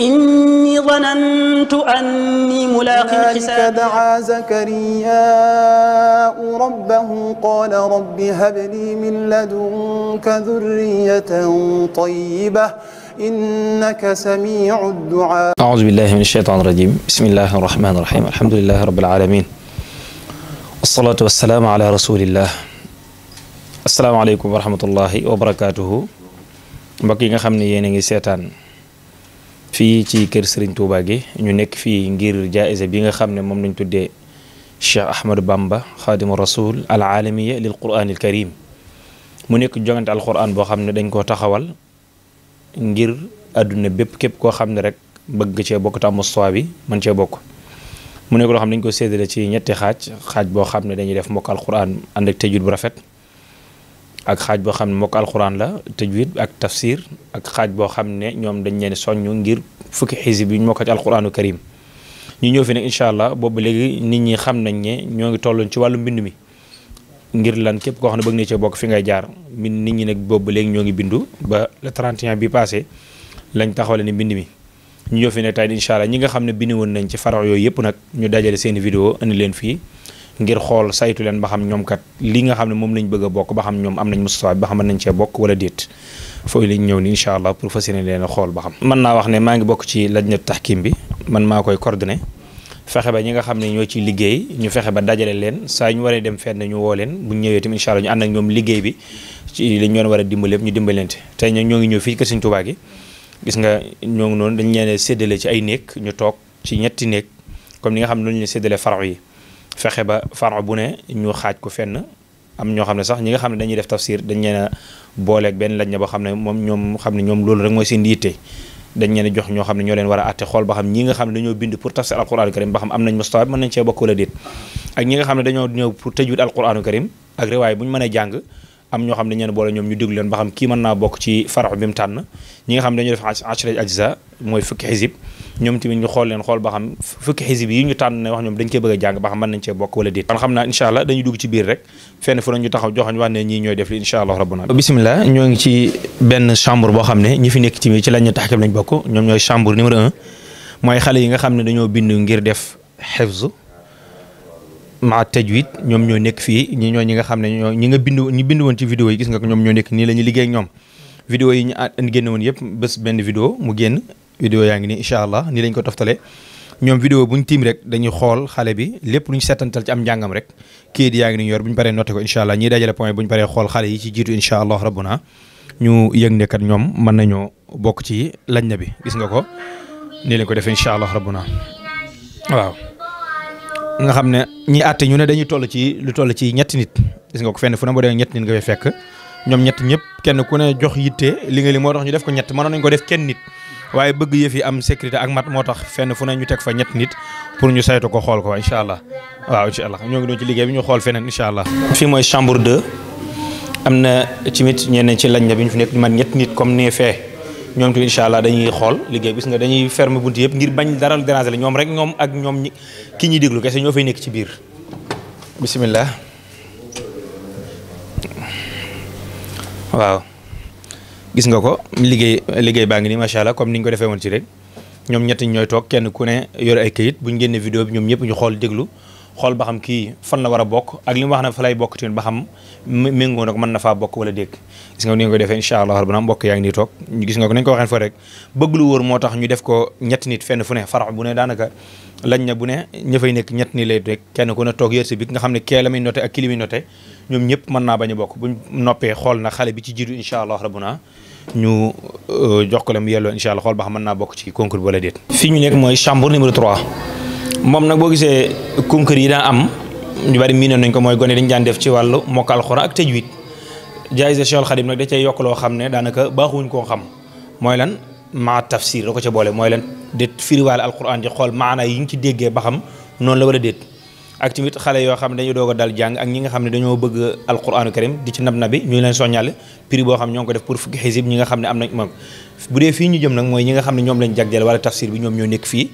إني ظننت أني ملاق حسابي دعا زكرياء ربه قال رب هب لي من لدنك ذرية طيبة إنك سميع الدعاء أعوذ بالله من الشيطان الرجيم بسم الله الرحمن الرحيم الحمد لله رب العالمين والصلاة والسلام على رسول الله asalaamaaleykum wa rahmatullahi wa barakaatuhu mbokk yi nga xam ne yéen a ngi seetaan fii ci kër Serigne Touba gi ñu nekk fii ngir jaayise bi nga xam ne moom lañ tuddee Cheikh Ahmadou Bamba xaadimu rasul al alamiya lil quraanil karim mu nekk jongante alquran boo xam ne dañ koo taxawal ngir àdduna bépp képp koo xam ne rek bëgg cee bokk te am bi mën cee bokk. mu nekk loo xam ne dañ ko séddale ci ñetti xaaj xaaj boo xam ne dañuy def mbokk alquran ànd te tëjul bu rafet. ak xaaj boo xam ne mook alxuraan la tajwid ak tafsir ak xaaj boo xam ne ñoom dañ leen soññ ngir fukki xisib yi ñu mokk ci alxuraanu karim ñu ñëw fi nag incha allah boobu léegi nit ñi xam nañ ne ñoo ngi tolloon ci wàllu mbind mi ngir lan képp koo xam ne bëgg na cee bokk fi ngay jaar mbind nit ñi nag boobu léegi ñoo ngi bindu ba le 31 bi passé lañ taxawale ni mbind mi ñu ñëw fi nag tey incha allah ñi nga xam ne bind woon nañ ci faraw yooyu yëpp nag ñu dajale seen vidéo indi leen fii ngir xool saytu leen ba xam ñoom kat lii nga xam ne moom lañ bëgg a bokk ba xam ñoom am nañ Moustapha bi ba xam mën nañ cee bokk wala déet fooy lañ ñëw ni incha allah pour fa yéene leen xool ba xam mën naa wax ne maa ngi bokk ci lajnat tahkim bi man maa koy coordonné fexe ba ñi nga xam ne ñoo ci liggéey ñu fexe ba dajale leen saa ñu waree dem fenn ñu woo leen bu ñu ñëwee tamit incha allah ñu ànd ak ñoom liggéey bi ci lañ ñu doon war a dimbale ñu dimbaleent te ñoo ngi ñëw fii kër Sëñ Tuubaa gi gis nga ñoo ngi noonu dañ leen séddale ci ay néeg ñu toog ci ñetti néeg comme ni nga xam ne noonu ñu séddale faraw yi fexe ba faro bu ne ñu xaaj ko fenn am ñoo xam ne sax ñi nga xam ne dañuy def tafsir dañ leen a booleeg benn lañ ne boo xam ne moom ñoom xam ne ñoom loolu rek mooy seen yitte dañ leen jox ñoo xam ne ñoo leen war a àtte xool ba xam ñi nga xam ne dañoo bind pour tafsir alquranu karim ba xam am nañ mustawab mën nañ cee ak ñi nga xam ne dañoo ñëw pour tajwid alquranu karim ak riwaay bu ñu mën a jàng am ñoo xam ne ñeen boole ñoom ñu déglu leen ba xam kii mën naa bokk ci farax bi mu tànn ñi nga xam ne dañu def achra mooy fukki xisib ñoom tamit ñu xool leen xool ba xam fukki xisib yi ñu tànn ne wax ñoom dañ koy bëgg a jàng ba xam mën nañ bokk wala déet kon xam naa incha allah dañuy dugg ci biir rek fenn fu ñu taxaw joxoñ wax ne ñii ñooy def li incha allah rabbuna bisimilah ñoo ngi ci benn chambre boo xam ne ñi fi nekk tamit ci lañ ñu taxkam lañ bokk ñoom ñooy chambre numéro yi nga xam ne dañoo bind ngir def xefzu ma tajwid ñoom ñoo nekk fii ñi ñoo ñi nga xam ne ñoo ñi nga bindu ñi bind woon ci vidéo yi gis nga ko ñoom ñoo nekk nii la liggéey ñoom vidéo yi ñu génn woon yëpp bés benn vidéo mu génn vidéo yaa ngi nii incha allah nii lañ ko toftalee ñoom vidéo buñ tiim rek dañuy xool xale bi lépp luñ setantal ci am njàngam rek kayit yaa ngi ni ñu yor buñ paree noté ko incha allah ñiy dajale point buñ paree xool xale yi ci jiitu incha allah rabbuna ñu yëg ne kat ñoom mën nañoo bokk ci lañ na bi gis nga ko nii ko defee allah rabbuna waaw nga xam ne ñi àtte ñu ne dañuy toll ci lu toll ci ñetti nit gis nga ko fenn fu ne boo dee ñetti nit nga fay fekk ñoom ñett ñëpp kenn ku ne jox yitte li nga li moo tax ñu def ko ñett mënoon nañu ko def kenn nit waaye bëgg yëf am sécurité ak mat moo tax fenn fu ne ñu teg fa ñett nit pour ñu saytu ko xool ko incha allah waaw incha allah ñoo ngi doon ci liggéey bi ñu xool feneen incha allah. fii mooy chambre 2 am na tamit ñenn ci lañ na bi ñu fi nekk man ñett nit comme ni fee ñoom tamit incha allah dañuy xool liggéey gis nga dañuy ferme bunt yëpp ngir bañ dara déranger la ñoom rek ñoom ak ñoom ki ñuy déglu kese ñoo fay nekk ci biir bisimilah. waaw gis nga ko liggéey liggéey baa ngi nii macha allah comme ni ñu ko defee woon ci rek ñoom ñett ñooy toog kenn ku ne yore ay këyit buñ ñu génnee vidéo bi ñoom ñëpp ñu xool déglu xool ba xam kii fan na war a bokk ak li mu wax na fa lay bokk tamit ba xam méngoo nag mën na faa bokk wala dégg gis nga ni ko defee incha allah rabbana mbokk yaa ngi nii gis nga ko nañ ko waxeen fa rek bëgg lu wóor moo tax ñu def ko ñetti fenn fu ne farax bu ne daanaka lañ na bu ne ña fay nekk ñett ni lay rek kenn ku ne toog yër si bi nga xam ne kee la muy noté ak ki li ñoom ñëpp mën naa bañ a bokk bu noppee xool na xale bi ci jiitu incha allah rabbana ñu euh, jox ko la mu yelloo incha allah xool ba xam mën naa bokk ci concours bi wala déet fi mooy chambre numéro moom nag boo gisee kunkër yi daa am ñu bari miinoon nañ ko mooy gone dañ daan def ci wàllu mokk alxuraan ak tajwid jaayise Cheikh Xadim nag da cay yokk loo xam ne daanaka baaxuñ koo xam mooy lan ma tafsir da ko ca boole mooy lan déet xool maana yi ñu ci déggee ba xam noonu la wala déet ak tamit xale yoo xam ne dañu doog a jàng ak ñi nga xam ne dañoo bëgg alquranu karim di ci nab na ñu leen soññale prix boo xam ne ñoo ngi ko def pour fukki xisib ñi nga xam ne am nañ moom bu dee fii ñu jëm nag mooy ñi nga xam ne ñoom lañ jagleel wala tafsir bi ñoom ñoo nekk fii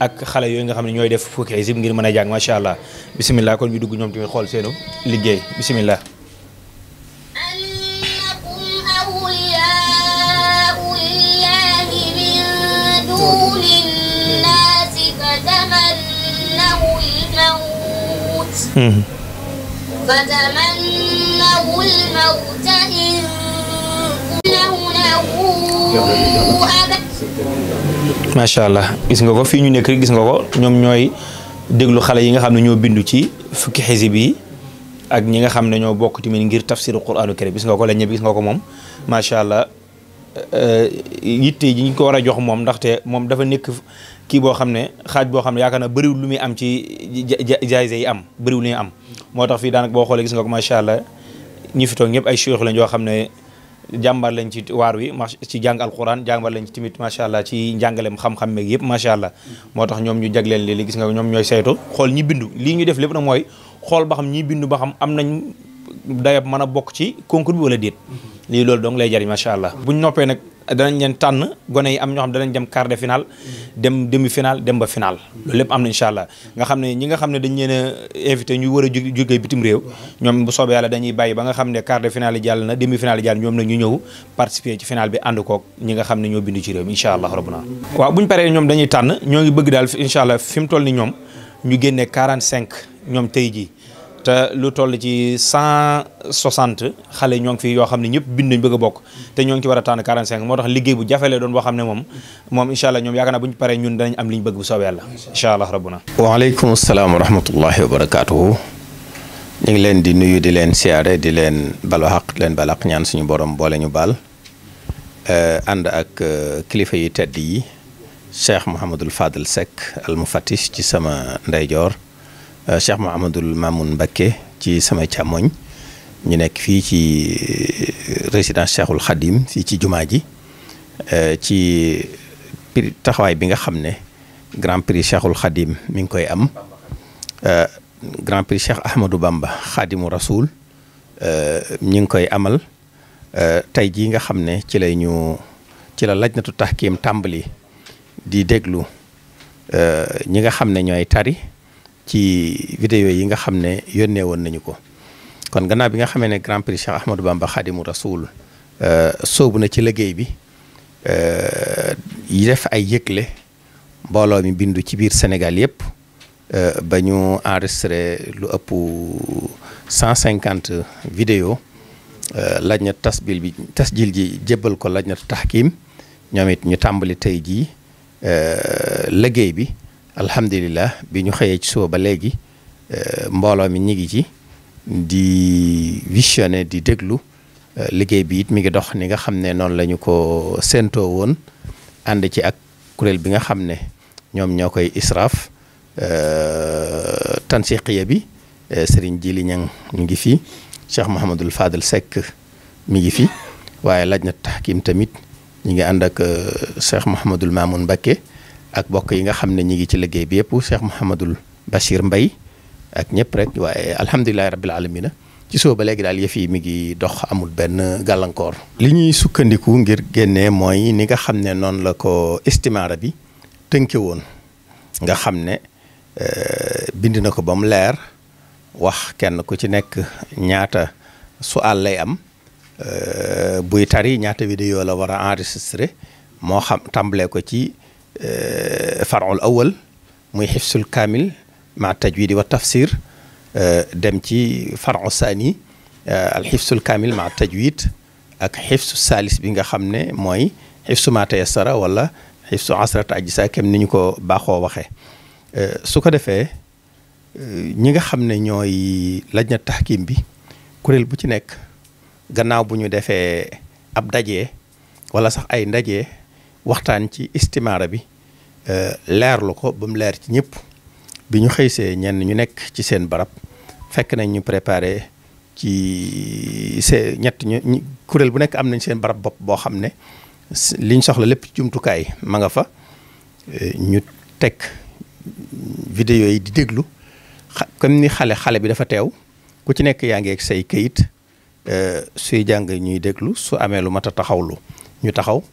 ak xale yooyu nga xam ne ñooy def fukki ay sib ngir mën a jàng macha allah bisimilah kon ñu dugg ñoom tamit xool seenu liggéey bisimilah. فتمنوا الموت إن macha allah gis nga ko fii ñu nekk gis nga ko ñoom ñooy déglu xale yi nga xam ne ñoo bindu ci fukki xisib yi ak ñi nga xam ne ñoo bokk tamit ngir tafsiru quraanu karim gis nga ko la ñëpp gis nga ko moom macha allah euh, yitte ji ñu ko war a jox moom ndaxte moom dafa nekk kii boo xam ne xaaj boo xam ne yaakaar na bëriwul lu muy am ci jaayse yi am bëriwul lu muy am moo tax fii daanaka boo xoolee gis nga ko macha allah ñi fi toog ay cheikh lañ yoo xam ne jàmbar lañ ci waar wi ma ci jàng alquran jàmbar lañ ci tamit macha allah ci njàngaleem xam-xam meeg yëpp macha allah moo tax ñoom ñu jagleen li gis nga ñoom ñooy saytu xool ñi bindu lii ñu def lépp nag mooy xool ba xam ñi bindu ba xam am nañ dayab mën a bokk ci concours bi wala déet lii loolu donc lay jariñ macha allah buñ noppee nag danañ leen tànn gone yi am ñoo xam danañ dem quart de finale dem dem ba finale loolu lépp am na incha allah nga xam ne ñi nga xam ne dañ leen a ñu war a jógee bitim réew ñoom bu soobee yàlla dañuy bàyyi ba nga xam ne quart de finale jàll na demi finale yi jàll ñoom nag ñu ñëw participer ci finale bi ànd koog ñi nga xam ne ñoo bindu ci réew mi incha allah rabbuna waaw buñ paree ñoom dañuy tànn ñoo ngi bëgg daal incha allah fi mu toll ni ñoom ñu génnee 45 ñoom tey jii te lu toll ci cent soixante xale ñoo ngi fi yoo xam ne ñëpp bind nañ bëgg a bokk te ñoo ngi ci war a tànn quarante cinq moo tax liggéey bu jafelee doon boo xam ne moom moom incha allah ñoom yaakaar naa bu ñu paree ñun danañ am li ñu bëgg bu soobee yàlla incha allah rabbuna waaleykum salaam wa rahmatullahi wa barakaatuhu ñu ngi leen di nuyu di leen siyaare di leen balu xaq di leen ñaan suñu borom boole ñu baal eh, ànd ak eh, kilifa yu tedd yi Cheikh Mouhamadul Fadel Seck al mufattish ci sama ndeyjoor Euh, Cheikh Mouhamadul mamun Mbacké ci sama càmmoñ ñu nekk fii ci euh, résidence Cheikhul Khadim si ci jumaa ji euh, ci taxawaay bi nga xam ne Grand Prix Cheikhul Khadim mi ngi koy am Grand Prix Cheikh Ahmadou Bamba Khadimu Rasoul ñi ngi koy amal tey jii nga xam ne ci lay ñu ci la lajnatu tahkim tàmbali di déglu ñi nga xam ne ñooy tari ci vidéo yi nga xam ne yónnee woon nañu ko kon gannaaw bi nga xamee ne grand prix Cheikh Ahmadou Bamba Khadimu Rasoul euh, soobu na ci liggéey bi yi euh, def ay yëgle mbooloo mi bindu ci biir Sénégal yëpp euh, ba ñu enregistré lu ëpp cent cinquante vidéo laaj na tasbil bi tasjil ji jébbal ko laaj na taxkiim ñoom it ñu tàmbali tey jii liggéey bi alhamdulillah bi ñu xëyee ci suba ba léegi euh, mbooloo mi ñu ngi ci di visionné di déglu euh, liggéey bi it mi ngi dox ni nga xam ne noonu lañu ko séentoo woon ànd ci ak kuréel bi nga xam ne ñoom ñoo koy israaf euh, tansiqiya bi Serigne Jili Ñang mi ngi fi Cheikh Mouhamadul Fadel Seck mi ngi fi waaye laj na taxkim tamit ñu ngi ànd ak Cheikh Mouhamadul Mamoun Mbacké ak mbokk yi nga xam ne ñi ngi ci liggéey bi yëpp Cheikh Mouhamadul Bachir mbay ak ñëpp rek waaye alhamdulilahi rabbil alamina ci suba ba léegi daal yëf yi mi ngi dox amul benn gàllankoor li ñuy sukkandiku ngir génne mooy ni nga xam ne noonu la ko istimaara bi tënke woon nga xam ne euh, bind na ko ba mu leer wax kenn ku ci nekk ñaata su àll am euh, buy tari ñaata vidéo la war a enregistré moo xam tàmbalee ko ci far'ul awal muy xifsul kaamil ma tajwidi wa tafsir dem ci far'u saani al xifsul kaamil ma tajwid ak xifsu saalis bi nga xam ne mooy xifsu ma tayassara wala xifsu asrata ajisa kem ni ñu ko baaxoo waxee su ko defee ñi nga xam ne ñooy lajna taxkim bi kuréel bu ci nekk gannaaw bu ñu defee ab dajee wala sax ay ndajee waxtaan ci istimaara bi euh, leerlu ko ba mu leer ci ñëpp bi ñu xëysee ñenn ñu nekk ci seen barab fekk nañ ñu préparé ci see ñett ñu kuréel bu nekk am nañ seen barab bopp boo xam ne liñ soxla lépp ci jumtukaay ma nga fa euh, ñu teg vidéo yi di déglu comme ni xale xale bi dafa teew ku ci nekk yaa ngi ak say kayit euh, suy jàng ñuy déglu su amee lu mat a taxawlu ñu taxaw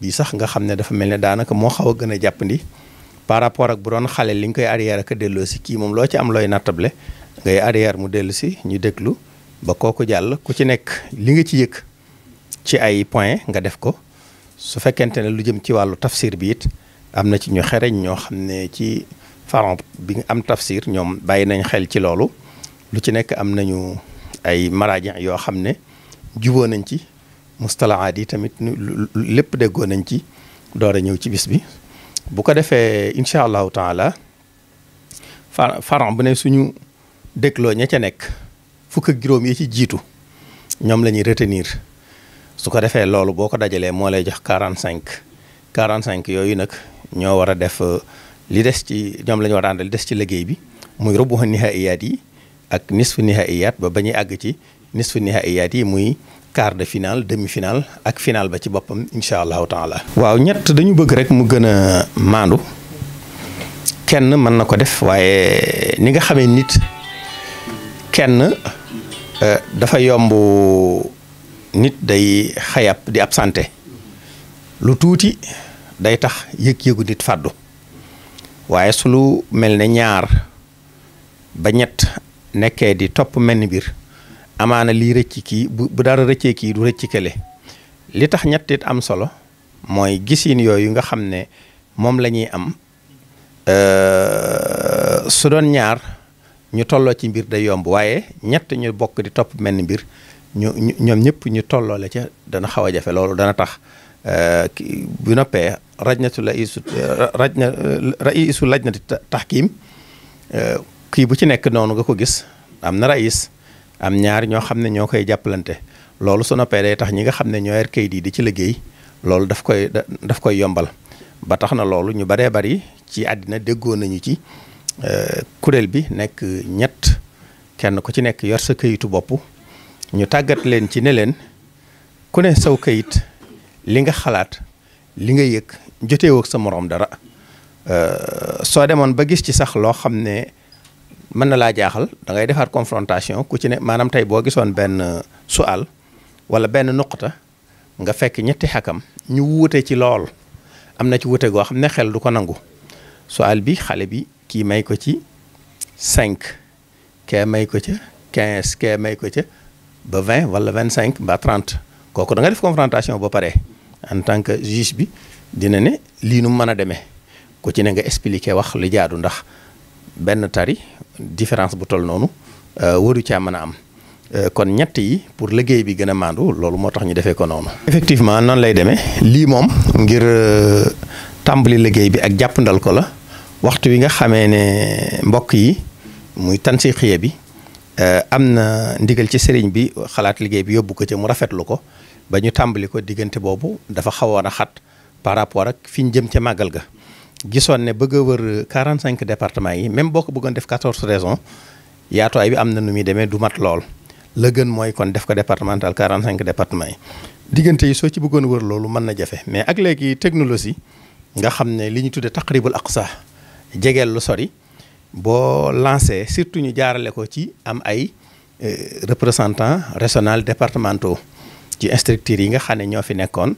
bii sax nga xam ne dafa mel ne daanaka moo xaw a gën a jàppandi par rapport ak bu doon xale li nga koy arrière ak a delloo si kii moom loo ci am looy nattable ngay arrière mu dellu si ñu déglu ba kooku jàll ku ci nekk li nga ci yëg ci ay point nga def ko su fekkente ne lu jëm ci wàllu tafsir bi it am na ci ñu xereñ ñoo xam ne ci faron bi am tafsir ñoom bàyyi nañ xel ci loolu lu ci nekk am nañu ay maraaji yoo xam ne juboo nañ ci mustalahaat yi tamit lépp déggoon nañ ci door a ñëw ci bis bi bu ko defee incha allahu taala faran bu ne suñu dégloo ña ca nekk fukk ak juróom yi ci jiitu ñoom la ñuy retenir su ko defee loolu boo ko dajalee moo lay jox quarante cinq quarante cinq yooyu nag ñoo war a def euh, li des ci ñoom la ñu war li des ci liggéey bi muy rubu nihaiyaat yi ak nisfu nihaiyaat ba ba ñuy àgg ci nisfu nihaiyaat yi muy quart de finale demi-finale ak finale ba ci boppam incha allahu taala. waaw ñett dañu bëgg rek mu gën a maandu kenn mën na ko def waaye ni nga xamee nit kenn euh, dafa yomb nit day xayab di absenté lu tuuti day tax yëg-yëgu nit fàddu waaye su lu mel ne ñaar ba ñett nekkee di topp mel ni biir amaana lii rëcc kii bu bu dara rëccee kii du rëcci kële li tax ñettit am solo mooy gisiin yooyu nga xam ne moom lañuy am euh, su doon ñaar ñu tolloo ci mbir day yomb waaye ñett ñu bokk di topp mel ni mbir ñu ñoom ñëpp ñu tolloo la ca dana xaw a jafe loolu dana tax euh, bu noppee rajnatu la isu euh, rajna raisu lajnati tahkim kii bu ci nekk noonu nga ko gis am na rais am ñaar ñoo xam ne ñoo koy jàppalante loolu su Sonopé day tax ñi nga xam ne ñoo yar kayit yi di ci liggéey loolu daf koy daf koy yombal ba tax na loolu ñu baree bari ci àddina déggoo nañu ci euh, kuréel bi nekk ñett kenn ku ci nekk yor sa këyitu bopp ñu tàggat leen ci ne leen ku ne saw kayit li nga xalaat li nga yëg joteewoo sa moroom dara euh, soo demoon ba gis ci sax loo xam ne mën na laa jaaxal da ngay defaat confrontation ku ci ne maanaam tey boo gisoon benn euh, sual wala benn nuqta nga fekk ñetti xakam ñu wuute ci lool am na ci wute goo xam ne xel du ko nangu sual bi xale bi kii may ko ci cinq kee may ko ca 15 kee may ko ca ba vingt wala 25 ba 30 kooku da nga def confrontation ba pare en tant que juge bi dina ne lii nu mën a demee ku ci ne nga expliquer wax lu jaadu ndax. benn tari différence bu toll noonu euh, waru caa mën a am euh, kon ñett yi pour liggéey bi gën a maandu loolu moo tax ñu defee ko noonu. effectivement noonu lay demee lii moom ngir euh, tàmbali liggéey bi ak jàppandal ko la waxtu wi nga xamee ne mbokk yi muy tansixiya bi am na ndigal ci sëriñ bi xalaat liggéey bi yóbbu ko ci mu rafetlu ko ba ñu tàmbali ko diggante boobu dafa xawoon a xat par rapport ak fi ñu jëm ca màggal ga. gisoon ne bëgg wër wër 45 départements yi même boo ko bëggoon def 14 régions yaatuwaay bi am na nu muy demee du mat lool la gën mooy kon def ko départemental 45 départements yi diggante yi soo ci bëggoon wër loolu mën na jafe mais ak léegi technologie nga xam ne li ñu tuddee ak sax jegeel lu sori boo lancé surtout ñu jaarale ko ci am ay euh, représentants régional départementaux ci structures yi nga xam ne ñoo fi nekkoon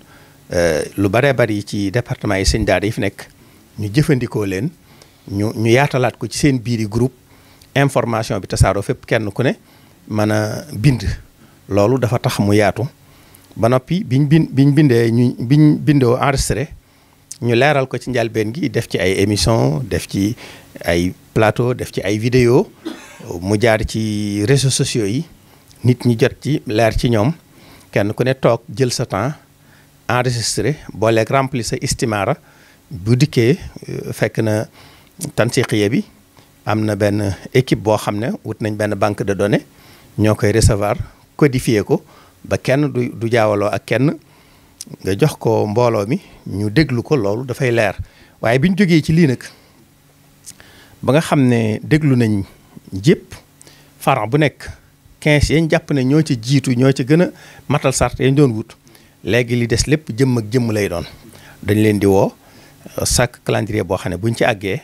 euh, lu baree bari ci département yi sëñ yi fi nekk ñu jëfandikoo leen ñu ñu yaatalaat ko ci seen biiri groupe information bi tasaaroo fépp kenn ku ne mën a bind loolu dafa tax mu yaatu ba noppi biñ bind biñ bindee ñu biñ bindoo enregistré ñu leeral ko ci njalbeen gi def ci ay émission def ci ay plateau def ci ay vidéo mu jaar ci réseaux sociaux yi nit ñi jot ci leer ci ñoom kenn ku ne toog jël sa temps enregistré booleeg rempli sa istimara bu dikkee euh, fekk na tansiqiya bi am na benn équipe boo xam ne wut nañ benn banque de données ñoo koy recevoir codifier ko ba kenn du du jaawaloo ak kenn nga jox ko mbooloo mi ñu déglu ko loolu dafay leer waaye bi ñu jógee ci lii nag ba nga xam ne déglu nañ jépp faran bu nekk 15 yañ jàpp ne ñoo ci jiitu ñoo ci gën a matal sart yañ doon wut léegi li des lépp jëmm ak jëmm lay doon dañ leen di woo sàkk calendrier boo xam ne buñ ci àggee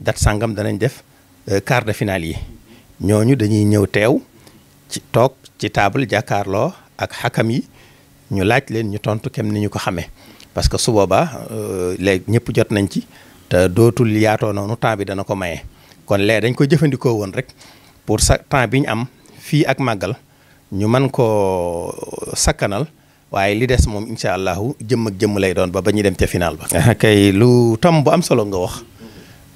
date sàngam danañ def euh, quart de finale yi ñooñu dañuy ñëw teew ci toog ci table jàkkaarloo ak xakam yi ñu laaj leen ñu tontu kem ni ñu ko xamee parce que su boobaa euh, léegi ñëpp jot nañ ci te dootul yaatoo noonu temps bi dana ko maye kon lee dañ ko jëfandikoo woon rek pour sa temps bi ñu am fii ak màggal ñu mën koo euh, sakkanal waaye li des moom incha allahu jëmm jëmm lay doon ba ba ñu dem ca final ba. kay lu tam bu am solo nga wax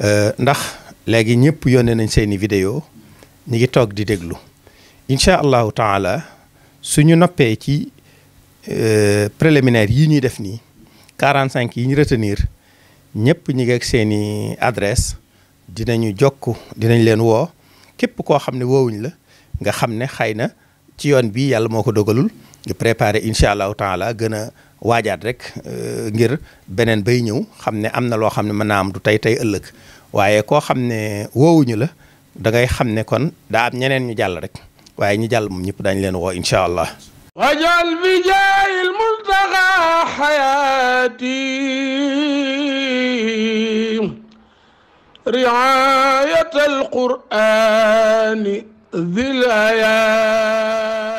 euh, ndax léegi ñëpp yónnee nañ seeni vidéo ñu ngi toog di déglu incha allahu taala suñu noppee ci euh, préliminaire yi ñuy def nii 45 yi ñu retenir ñëpp ñu ngi ak seeni adresse dinañu jokk dinañ leen woo képp koo xam ne woowuñ la nga xam ne xëy na. ci yoon bi yàlla moo ko dogalul ñu préparé incha allahu taala gën a waajaat rek euh, ngir beneen bay ñëw xam ne am na loo xam ne mën naa am du tey tey ëllëg waaye koo xam ne woowuñu la dangay xam ne kon daa am ñeneen ñu jàll rek waaye ñu jàll moom ñëpp dañ leen woo incha allah wajal bi jaayil multaqa xayaati ذي الهيام